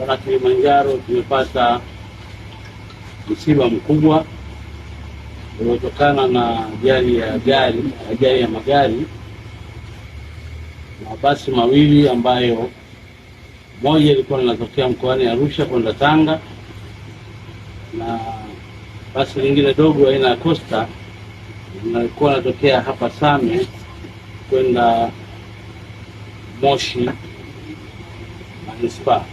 wana Kilimanjaro tumepata msiba mkubwa uliotokana na ajali ya gari, ajali ya magari, mabasi mawili ambayo moja ilikuwa linatokea mkoani Arusha kwenda Tanga na basi lingine dogo aina ya Costa lilikuwa linatokea hapa Same kwenda Moshi manispaa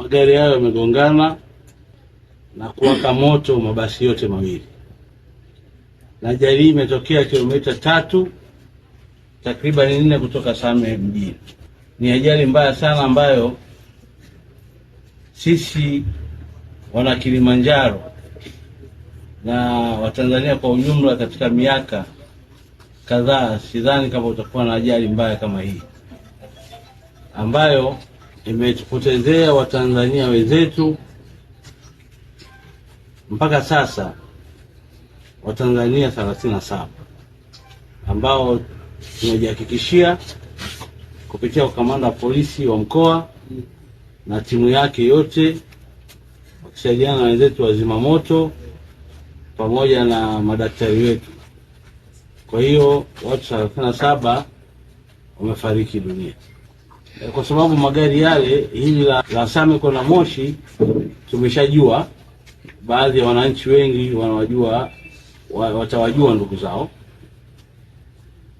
magari hayo yamegongana na kuwaka moto mabasi yote mawili, na ajali hii imetokea kilomita tatu takribani nne kutoka Same mjini. Ni ajali mbaya sana ambayo sisi wana Kilimanjaro na Watanzania kwa ujumla katika miaka kadhaa, sidhani kama utakuwa na ajali mbaya kama hii ambayo imetupotezea Watanzania wenzetu. Mpaka sasa Watanzania thelathini na saba ambao tumejihakikishia kupitia kwa kamanda wa polisi wa mkoa na timu yake yote wakisaidiana na wenzetu wa zimamoto pamoja na madaktari wetu. Kwa hiyo watu thelathini na saba wamefariki dunia. Eh, kwa sababu magari yale, hili la, la Samico na Moshi tumeshajua, baadhi ya wananchi wengi wanawajua, watawajua ndugu zao,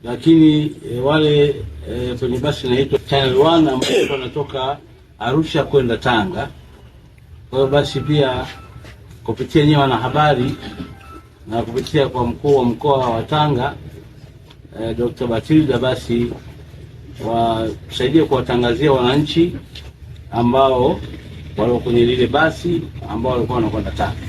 lakini eh, wale e, eh, kwenye basi inaitwa Channel 1 ambayo wanatoka Arusha kwenda Tanga. Kwa hiyo basi pia kupitia nyewe wanahabari na kupitia kwa mkuu wa mkoa wa Tanga e, Dr. Batilda basi wasaidie kuwatangazia wananchi ambao walio kwenye lile basi ambao walikuwa wanakwenda Tanga.